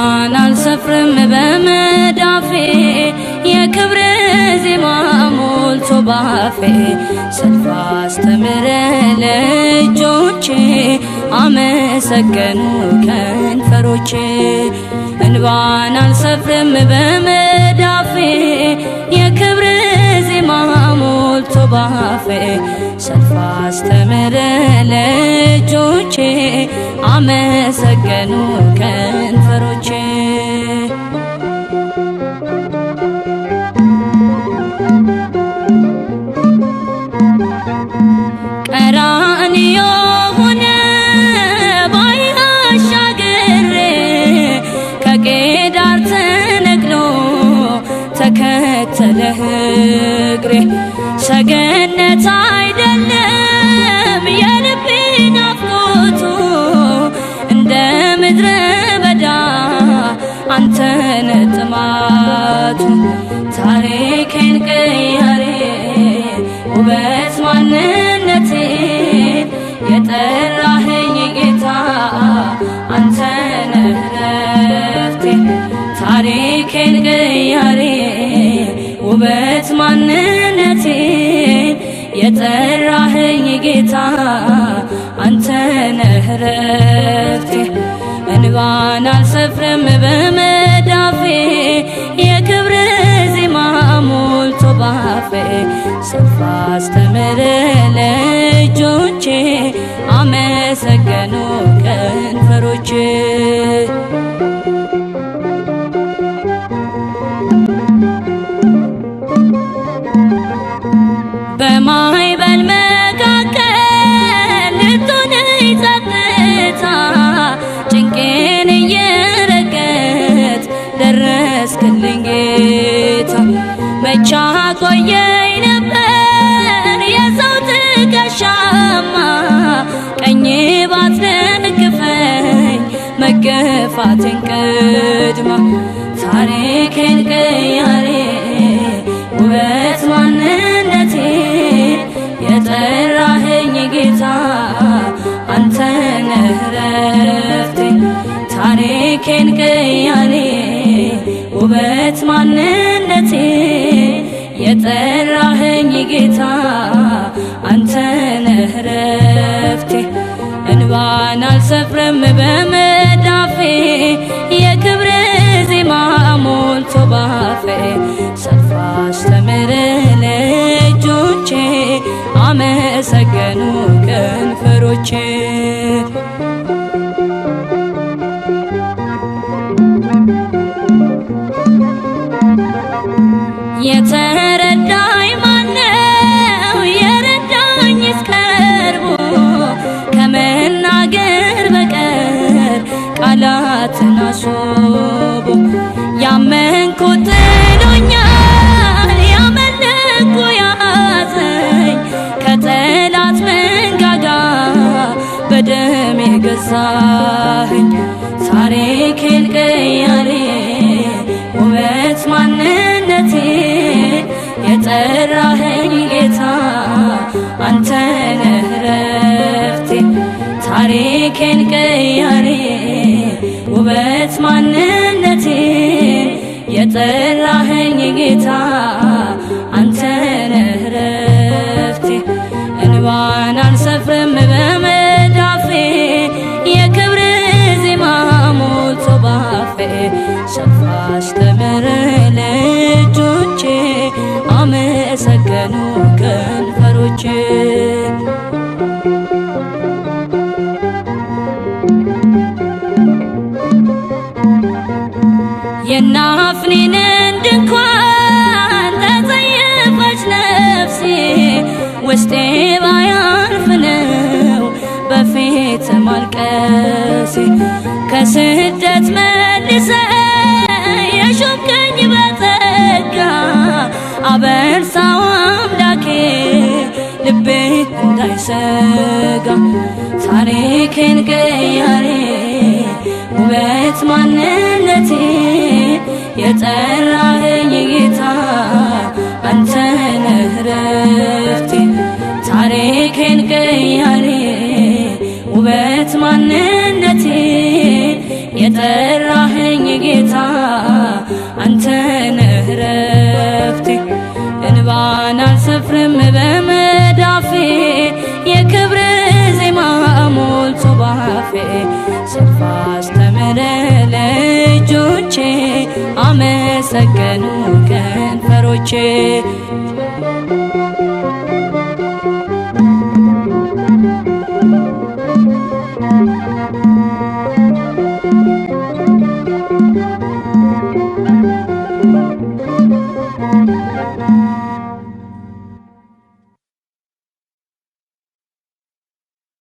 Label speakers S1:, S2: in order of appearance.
S1: ዙፋን አልሰፍርም በመዳፌ የክብር ዜማ ሞልቶ ባፌ ሰልፍ አስተምረ ለእጆቼ አመሰገኑ ከንፈሮቼ እንባን አልሰፍርም በመዳፌ ባፌ ሰልፍ አስተምር ለእጆቼ አመሰገኑ ከንፈሮቼ ቀራንዮ ሆነ ባሕር አሻግሬ ተከተለህ እግሬ ሰገነት አይደለም የልቤ ናፍቆቱ እንደ ምድረ በዳ አንተን ጥማቱ ታሪኬን ቀያሬ ውበት ማንነቴ የጠራኸኝ ጌታ አንተን ረፍቴ ታሪኬን ቀያሬ ውበት ማንነቴ የጠራኸኝ ጌታ አንተ ነህ ረፍቴ። እንባን አልሰፍርም በመዳፌ የክብር ዜማ ሞልቶ ባፌ አስተምር ለእጆቼ አመሰገኑ ከንፈሮቼ ቀኝ ባትደግፈኝ መገፋቴን ቀድማ ታሪኬን ቀያሬ ውበት ማንነቴ የጠራኸኝ ጌታ አንተ ነህ ረፍቴ ታሪኬን ቀያሬ ውበት ማንነቴ የጠራኸኝ ጌታ ዙፋን አልሰፍርም በመዳፌ የክብር ዜማ ሞልቶ ባፌ ሰልፍ አስተምር ልጆቼ አመሰገኑ ከንፈሮቼ ጠራኸኝ ጌታ አንተ ነህ ረፍቴ ታሪኬን ቀያሬ ውበት ማንነቴ የጠራኸኝ ጌታ ሮጬ የናፍኔንን ድንኳን ተጸየፈች ነፍሴ ውስጤ ውበት ማንነቴ የጠራኸኝ ጌታ አንተ ነህ ረፍቴ ታሪኬን ቀያሪ ውበት ማንነቴ የጠራኸኝ ጌታ አንተ ነህ ረፍቴ እንባን አልሰፍርም በመዳፌ የክብርህ ዜማ ሞልቶ ባፌ አስተምረ አመሰገኑ ከንፈሮቼ